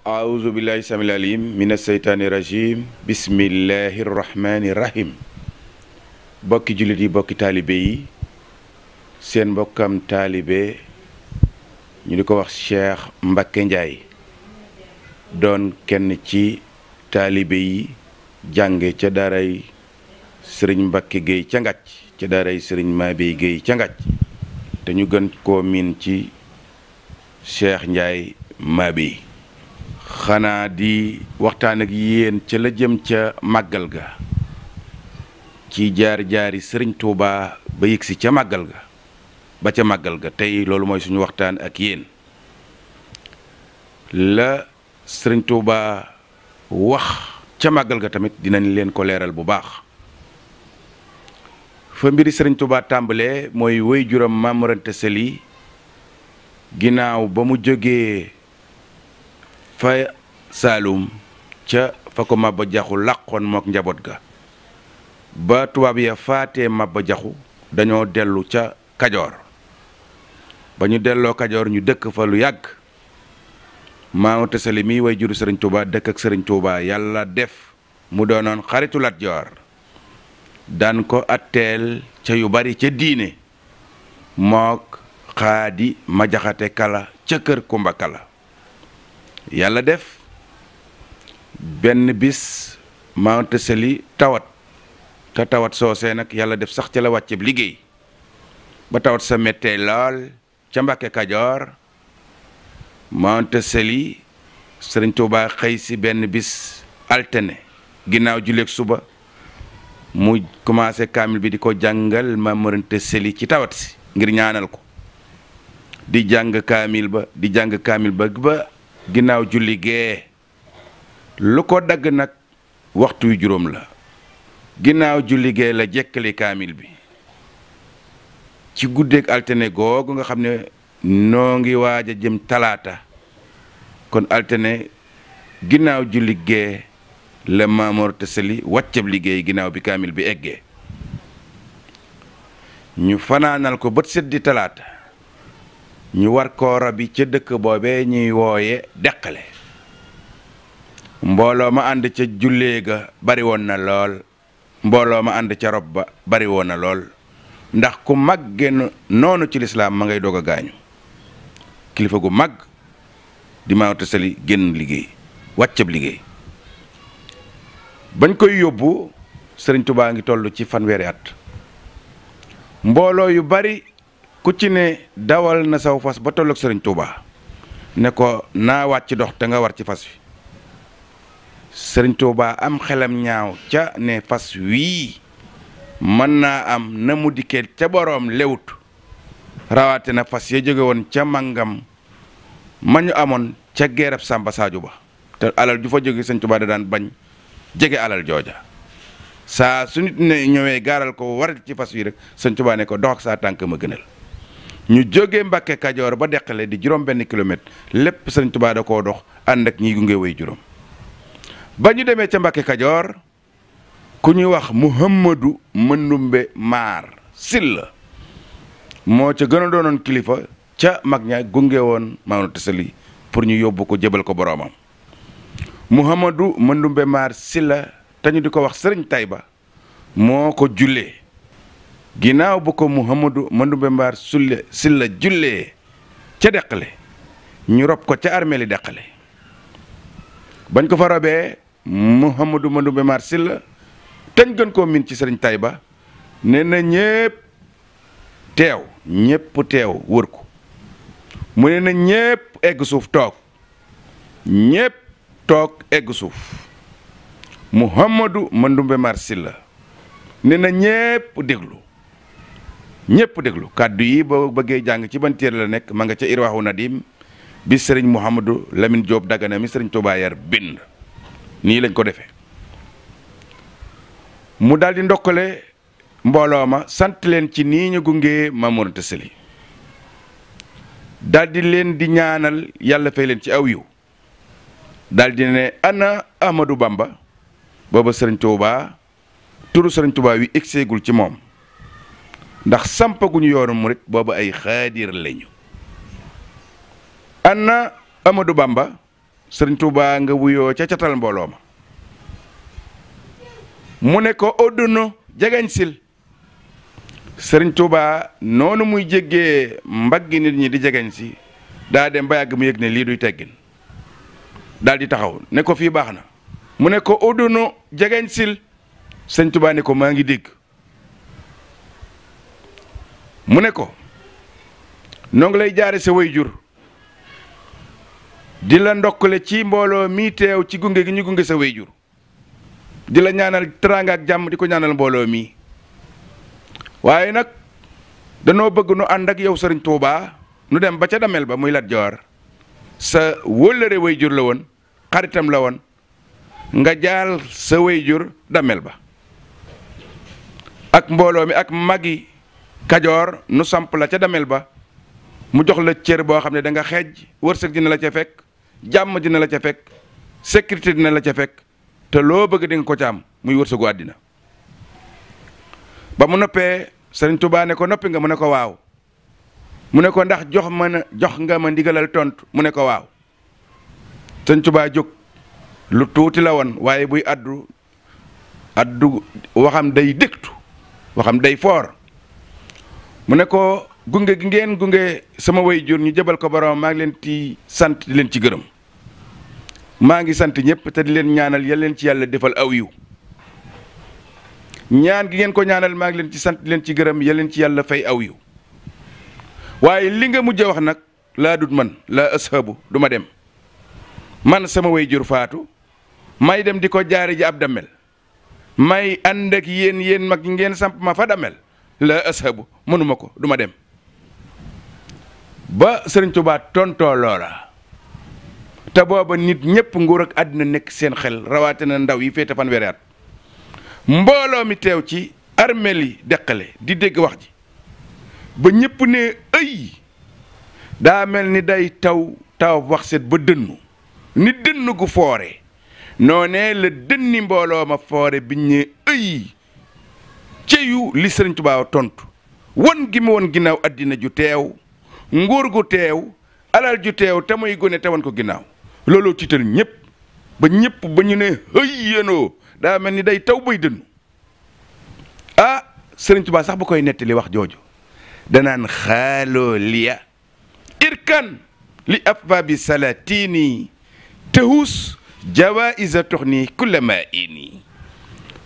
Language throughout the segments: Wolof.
aawuzu billahi samil alim min aseytaani rajim bismillahi rahmaani rahim bokki jullit yi bokki taalibe yi seen mbokkam taalibe ñu di ko wax Cheikh Mbacké Ndiaye doon kenn ci taalibe yi jànge ca daaray sëriñ Mbacké Guèye ca Ngathie ca daaray te ñu gën koo miin ci Cheikh Ndiaye Mabey xanaa di waxtaan ak yéen ca la jëm ca màggal ga ci jaar-jaari sëriñ Touba ba yëgsi ca màggal ga ba ca màggal ga tey loolu mooy suñu waxtaan ak yéen la sëriñ Touba wax ca màggal ga tamit dinañ leen ko leeral bu baax fa mbiri sëriñ Touba tàmbalee mooy wéy juram Maam Mor Anta ginnaaw ba mu jógee fa Salum, ca fa ko mabba jaxu lakkon mok njabot ga ba tuwab ya faatee mabba jaxu dañoo delu ca kajoor ba ñu delloo kajoor ñu dekk fa lu yag maamu tasali way juru serigne touba dekk ak serigne touba yalla def mu kari xaritu Lat Joor dan ko atel ca yu bari ca diine mok khadi majaxate kala ca kër kumba kala yalla def ben bis mount seli tawat ta tawat sosé nak yalla def sax ci la wàcceeb liggéey ba tawat sa metté lol ci mbacké kadior mount seli serigne touba xëy ben bis bis altene julé ak suba mu commencé kamil bi di jangal jàngal ma mërante seli ci tawat si ngir ñaanal ko di jang kamil ba di jang kamil ba ginnaaw julli gee lu ko dagg nag waxtu wi juróom la ginnaaw julli gee la jekkali kaamil bi ci guddeeg altine googu nga xam ne noo ngi waaj a jëm talaata kon altine ginnaaw julli gee la Maamoor Tësali wàccab liggéey ginnaaw bi kaamil bi eggee ñu fanaanal ko bët set talaata ñu war koo rabi ca dëkk boobee ñuy wooye deqale mbooloo ma ànd ca jullee ga bari woon na lool mbooloo ma ànd ca rob ba bari woon na lool ndax ku mag génn noonu ci lislaam ma ngay doog a gaañu kilifa gu mag di maa tasali génn liggéey wàccab liggéey bañ koy yóbbu sëriñ tubaa ngi toll ci fanweeri at mbooloo yu bari ku ci ne dawal na saw fas ba tolloog sëriñ Touba ne ko naa waat ci dox te nga war ci fas wi sëriñ Touba am xelam ñaaw ca ne fas wii mën na am na mu dikkee ca boroom lewut rawaate na fas ya jóge woon ca màngam ma ñu amoon ca geerab Samba Sadio ba te alal ju fa jóge sëriñ Touba da daan bañ jege alal jooja saa su nit ne ñëwee gaaral ko war ci fas wi rek sëriñ Touba ne ko dox saa tànk ma gënal ñu jógee Mbàkke Kajoor ba deqale di juróom benn kilomètre lépp sëriñ Tuubaa da koo dox ànd ak ñi gunge way juróom ba ñu demee ca Mbàkke ku ñuy wax Muhammadu Mëndumbe mar sila moo ca donon a doonoon kilifa ca mag ña won woon Maodo Sali pour ñu yóbbu ko jëbal ko boroomam Muhammadu Mëndumbe mar sila te ñu di wax Tayba moo ko ginnaaw bu ko Mouhamadou Mandumbe Mbaar sulle silla jullee ca deqale ñu rob ko ca armée li deqale bañ ko fa robee Mouhamadou Mandumbe Mbaar silla teñ gën koo min ci sëriñ ba nee na ñépp teew ñépp teew wër ko mu ne na ñépp egg suuf toog ñépp toog egg suuf Mouhamadou Mandumbe Mbaar silla ne na ñépp déglu ñépp déglu kàddu yi boo bëggee jàng ci ban la nekk ma nga ca na Nadim bi sëriñ Mouhamadou Lamine Diop Dagana mi sëriñ Touba Yar bind nii lañ ko defe mu daldi di ndokkale mbooloo ma sant leen ci nii ñu gungee Mamour Anta Sali daal leen di ñaanal yàlla fay leen ci aw yiw daal di ne ana Ahmadou Bamba booba sëriñ Touba turu sëriñ Touba wi egseegul ci moom ndax guñu yoonu murid bobu ay khadir lañu anna amadou bamba serigne touba nga wuyo ca catal mbooloo ma mu ne ko oduno jagañ sil serigne touba nonu muy jéggee mbaggi nit ñi di jagañ si da dem ba yag mu ne duy teggin dal di taxaw ne ko fi baxna mu ko oduno jagañ sil serigne touba ne ko ma ngi dégg Muneko, ne ko noo lay jaare sa wayjur jur ndokle ci mbolo mi tew ci gungé gi ñu gungé sa wayjur jur ñaanal teranga ak jamm diko ñaanal mbolo mi waye nak danoo bëgg nu and ak yow serigne touba nu dem ba ca damel ba muy Lat jor sa wolere wayjur la won xaritam la won nga jaal sa wayjur damel ba ak mbolo mi ak magi kajoor nu samp la ca damel ba mu jox la cieur bo xamne da nga xej wërsëg dina la ca fek jamm dina la ca fek sécurité dina la ca fek te lo bëgg di nga ko cham muy wërsëgu guadina ba mu noppé serigne touba ne ko noppi nga mu ne ko waw mu ne ko ndax jox ma na jox nga ma ndigalal tontu mu ne ko waw serigne touba juk lu tuti la won waye buy addu addu waxam day dektu waxam day fort mu ne ko gunge gi ngeen gunge sama way jur ñu jëbal ko borom maa ngi leen ci sant leen ci gërëm maa ngi sant ñëpp te di leen ñaanal yal leen ci yàlla defal aw yiw ñaan gi ngeen ko ñaanal maa ngi leen ci sant leen ci gërëm yal leen ci yàlla fey aw yiw waaye li nga mujj wax nag laa dut man laa ashabu du dem man sama way jur faatu may dem di ko jaare ji ab dammel may ànd ak yéen yéen mag ngeen samp ma fa dammel la ashabu mënuma ko duma dem ba sëriñ Tuubaa tontoo loola te booba nit ñëpp nguur ak àddina nekk seen xel rawatina ndaw yi féete fanweeri at mbooloo mi teew ci armeel yi deqale di dégg wax ji ba ñépp ne ëy daa mel ni day taw taw wax set ba dënnu ni dënn gu foore noonee la dënni mbooloo ma foore biñ ne ëy céyu li sëriñ Tuubaa tontu won gi mu won ginnaaw àddina ju teew ngóor gu teew alal ju teew te muy gone te won ko ginnaaw looloo tiital ñëpp ba ñëpp ba ñu ne hëy daa mel ni day taw bay dënnu ah sëriñ Tuubaa sax bu koy nettali wax jooju danaan xaaloo liya irkan li afbaabi salaatini tehuus jawaa isa tox nii kullama ini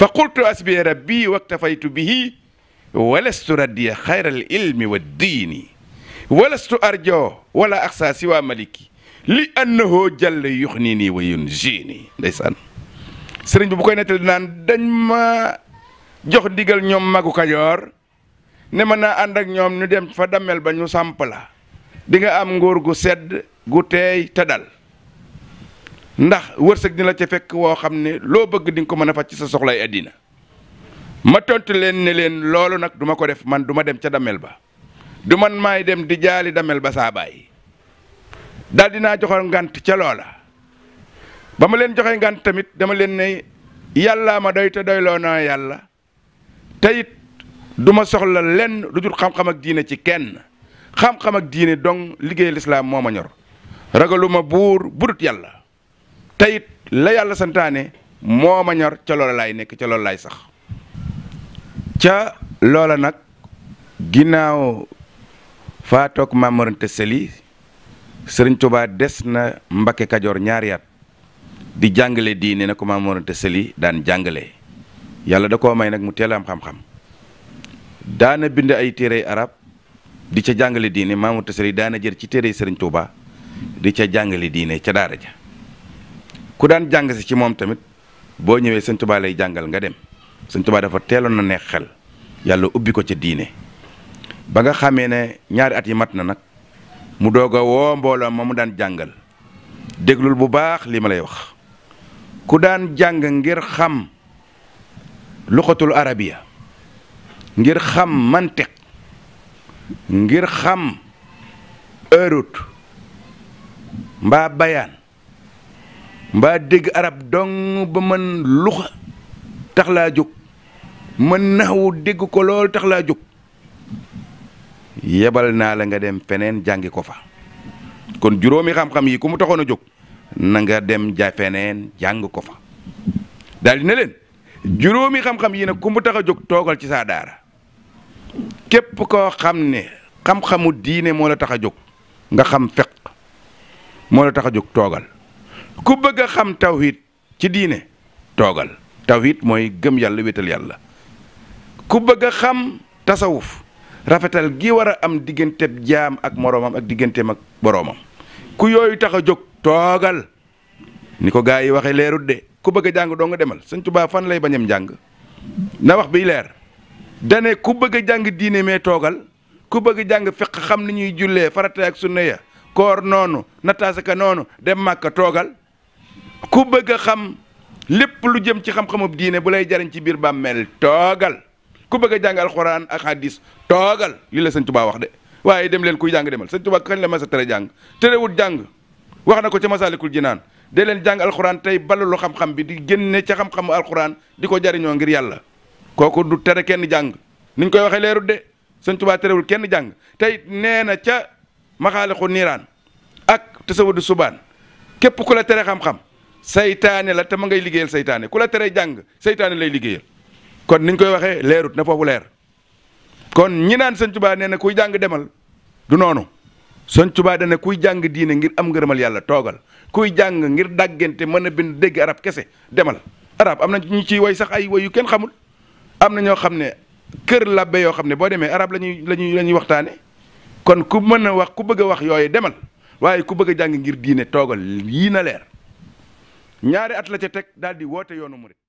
fa qultu asbi rabbi waktafaytu bihi walastu raddiya xayra al ilmi wa diini walastu arjo wala axsa siwa maliki li annahu jàll yuxni nii wa yunjini ndeysaan sëriñ bi bu koy nettali naan dañ ma jox ndigal ñoom magu kajoor ne mën naa ànd ak ñoom ñu dem fa dammel ba ñu samp la di nga am nguur gu sedd gu teey te dal ndax wërsëg dina la ca fekk woo xam ne loo bëgg di nga ko mën a faj ci sa soxlay àddina ma tontu leen ne leen loolu nag duma ko def man duma dem ca damel ba du man maay dem di jaali damel ba saa bàyyi daal dinaa joxe ngant ca loola ba ma joxe ngant tamit dama leen ne yàllaa ma doy te doyloo naa yàlla te it du soxla xam-xam ak diine ci kenn xam-xam ak diine dong liggéey lislaam moo ma ñor ragaluma teyit la yàlla santaane moo ma ñor ca loola nekk ca loola laay sax ca loola nag ginnaaw faatoog maamorante seli sëriñ Tuubaa des na Mbakke Kajoor ñaari yaat di jàngale diine na ko maamorante seli daan jàngale yàlla da koo may nag mu teel am xam-xam daana bind ay téerey arab di ca jàngale diine maamorante seli daana jër ci téerey sëriñ Tuubaa di ca jàngale diine ca daara ja ku daan jàng si ci moom tamit boo ñëwee sëñ Tuubaa lay jàngal nga dem sëñ Tuubaa dafa teeloon na neex xel yàlla ubbi ko ca diine ba nga xamee ne ñaari at yi mat na nag mu doog a woo mbooloo ma mu daan jàngal déglul bu baax li ma lay wax ku daan jàng ngir xam luxatul arabiya ngir xam mantiq ngir xam erut mbaa bayaan mbaa dégg arab dong ba mën luxa tax laa jóg mën naxwu dégg ko lool tax laa jóg yebal naa la nga dem feneen jàngi ko fa kon juróomi xam-xam yi ku mu taxoon a jóg na nga dem ja feneen jàng ko fa daal di ne leen juróomi xam-xam yi nag ku mu tax a jóg toogal ci saa daara képp koo xam ne xam-xamu diine moo la tax a jóg nga xam feq moo la tax a jóg toogal ku bëgg a xam tawhid ci diine toogal tawhid mooy gëm yàlla wéetal yàlla ku bëgg a xam tasawuf rafetal gi war a am diggante jaam ak moroomam ak digganteem ak boroomam ku yooyu tax a jóg toogal ni ko gaa yi waxe leerut de ku bëgg a jàng doo nga demal sëñ Tuubaa fan lay bañam jàng na wax bi leer dane ku bëgg a jàng diine mee toogal ku bëgg a jàng fiq xam ni ñuy jullee farata ak sunna ya koor noonu nataasaka noonu dem màkka toogal ku bëgg a xam lépp lu jëm ci xam-xamub diine bu lay jariñ ci biir bàmmeel toogal ku bëgg a jàng alxuraan ak hadis toogal li la sëñ Tuubaa wax de waaye dem leen kuy jàng demal sëñ Tuubaa kañ la mas a tere jàng jàng wax na ko ca Masaalikul Jinaan de leen jàng alxuraan tey balalu xam-xam bi di génne ca xam-xamu di ko jariñoo ngir yàlla kooku du tere kenn jàng niñ koy waxee leerut de sëñ terewul kenn jàng tey nee na ca maxaalixu niiraan ak tasawudu subaan képp ku la tere xam-xam saytaane la te ma ngay liggéeyal seytaane ku la teree jàng seytaane lay liggéeyal kon niñ koy waxee leerut na foofu leer kon ñi naan sëñ Tuubaa nee na kuy jàng demal du noonu sëñ Tuubaa dana kuy jàng diine ngir am ngërëmal yàlla toogal kuy jàng ngir dàggante mën a bind dégg arab kese demal arab am na ñu ciy woy sax ay woyu kenn xamul am na ñoo xam ne kër labbe yoo xam ne boo demee arab la ñuy la ñuy la ñuy waxtaane kon ku mën a wax ku bëgg a wax yooyu demal waaye ku bëgg a jàng ngir diine toogal yii ñaari at la ca teg daal di woote yoonu murit